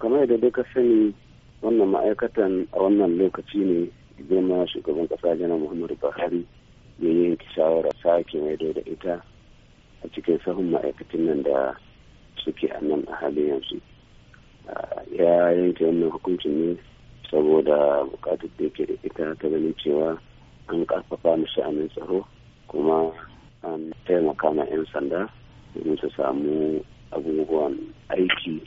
kamar yadda duka sani wannan ma'aikatan a wannan lokaci ne girma shugaban kasa janar muhammadu buhari ya yanke shawara sake maido da ita a cikin sahun ma'aikatan nan da suke a nan a halin yanzu ya yanke wannan hukuncin ne saboda bukatar da yake da ita ta ganin cewa an karfafa mu sha'anin tsaro kuma an taimaka ma 'yan sanda domin su samu abubuwan aiki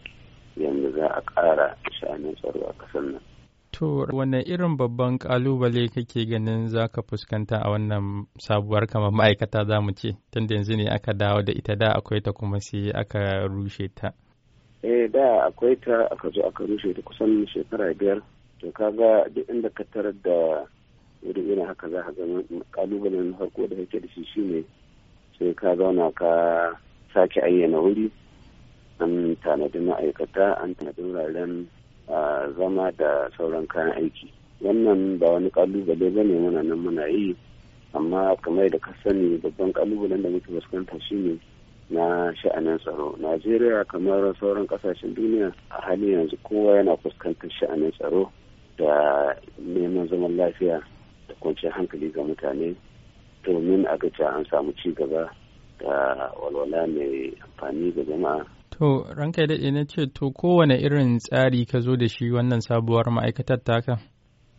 za a ƙara sha'anin tsaro a ƙasar nan. To, wanne irin babban ƙalubale kake ganin za ka fuskanta a wannan sabuwar kama ma'aikata za mu ce, tun da yanzu ne aka dawo da ita da akwai ta kuma sai aka rushe ta. Eh, da akwai ta aka zo aka rushe ta kusan shekara biyar, to kaga duk inda ka tarar da irin ina haka za ka gani na farko da kake da shi shine sai ka zauna ka sake ayyana wuri an tanadi ma'aikata an tanadi wuraren zama da sauran kayan aiki wannan ba wani kalubale ba ne muna nan muna yi amma kamar da ka sani babban kalubalen da muke fuskanta shine na sha'anin tsaro najeriya kamar sauran kasashen duniya a halin yanzu kowa yana fuskantar sha'anin tsaro da neman zaman lafiya da kwanciyar hankali ga mutane domin a gaca an samu ci gaba da walwala mai amfani ga jama'a To, ranka daɗe na ce, to kowane irin tsari ka zo da shi wannan sabuwar ma'aikatar taka?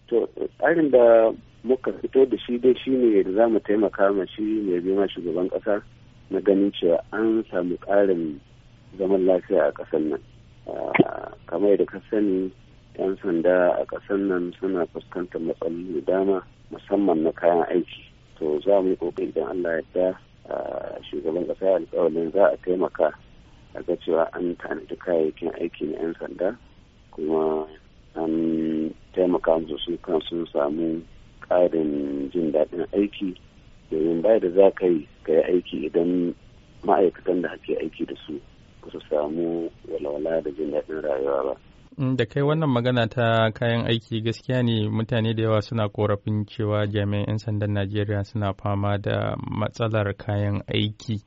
To, tsarin da muka fito da shi dai shi ne da za mu taimaka ma shi mai ma shugaban ƙasa na ganin cewa an samu ƙarin zaman lafiya a ƙasar nan. Ah, kamar yadda ka sani, 'yan sanda a ƙasar nan suna fuskantar matsaloli da dama musamman na kayan aiki. To, za mu yi ƙoƙari Allah ya ah, shugaban ƙasa alƙawalin za a taimaka a ga cewa an tanadi kayayyakin aiki na 'yan sanda kuma an taimaka musu su kan sun samu ƙarin jin daɗin aiki domin bai da za ka yi ka yi aiki idan ma'aikatan da hake aiki da su ba su samu walwala da jin daɗin rayuwa ba. Mm, da kai wannan magana ta kayan aiki gaskiya ne mutane da yawa suna korafin cewa jami'an 'yan sandan najeriya suna fama da matsalar kayan aiki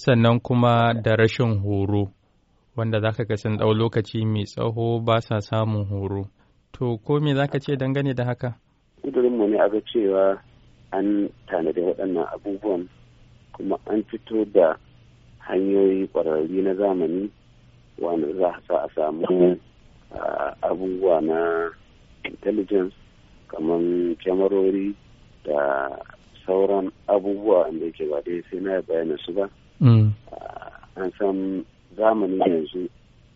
sannan kuma da rashin horo wanda za ka ga sun ɗau lokaci mai tsaho ba sa samun horo to ko me za ka ce dangane da haka mu ne aga cewa an tanadi waɗannan abubuwan kuma an fito da hanyoyi ƙwararri na zamani wanda za a samu abubuwa na intelligence kamar kyamarori da sauran abubuwa wanda yake ba dai sai na bayyana su ba mm. ah, an san zamani yanzu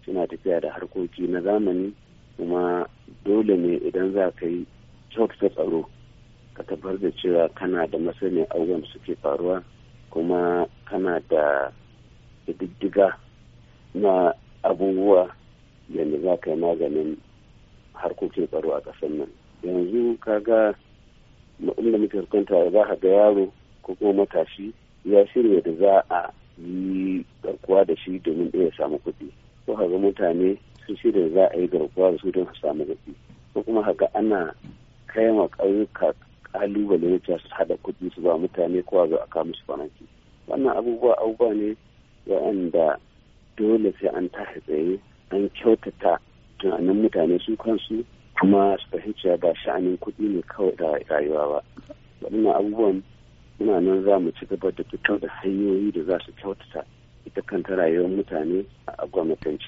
suna tafiya da harkoki na zamani kuma dole ne idan za ka yi kyautata tsaro ka tabbar da cewa kana da masani abubuwan suke faruwa kuma kana da diddiga na abubuwa yadda za ka yi maganin harkokin tsaro a ƙasar nan yanzu kaga inda muke kwanta za a ga yaro ko kuma matashi ya shirya da za a yi garkuwa da shi domin ɗaya samu kuɗi ko ka mutane sun shirya da za a yi garkuwa da su don su samu kuɗi ko kuma haka ana kai ma ƙauyuka ƙalubale na su haɗa kuɗi su ba mutane ko zo a kawo musu kwanaki wannan abubuwa abubuwa ne waɗanda dole sai an tashi tsaye an kyautata tunanin mutane su kansu kuma su fahimci ba sha'anin kuɗi ne kawai da rayuwa ba waɗannan abubuwan muna nan za mu ci gaba da fitar da hanyoyi da za su kyautata ita kanta rayuwar mutane a gwamnatanci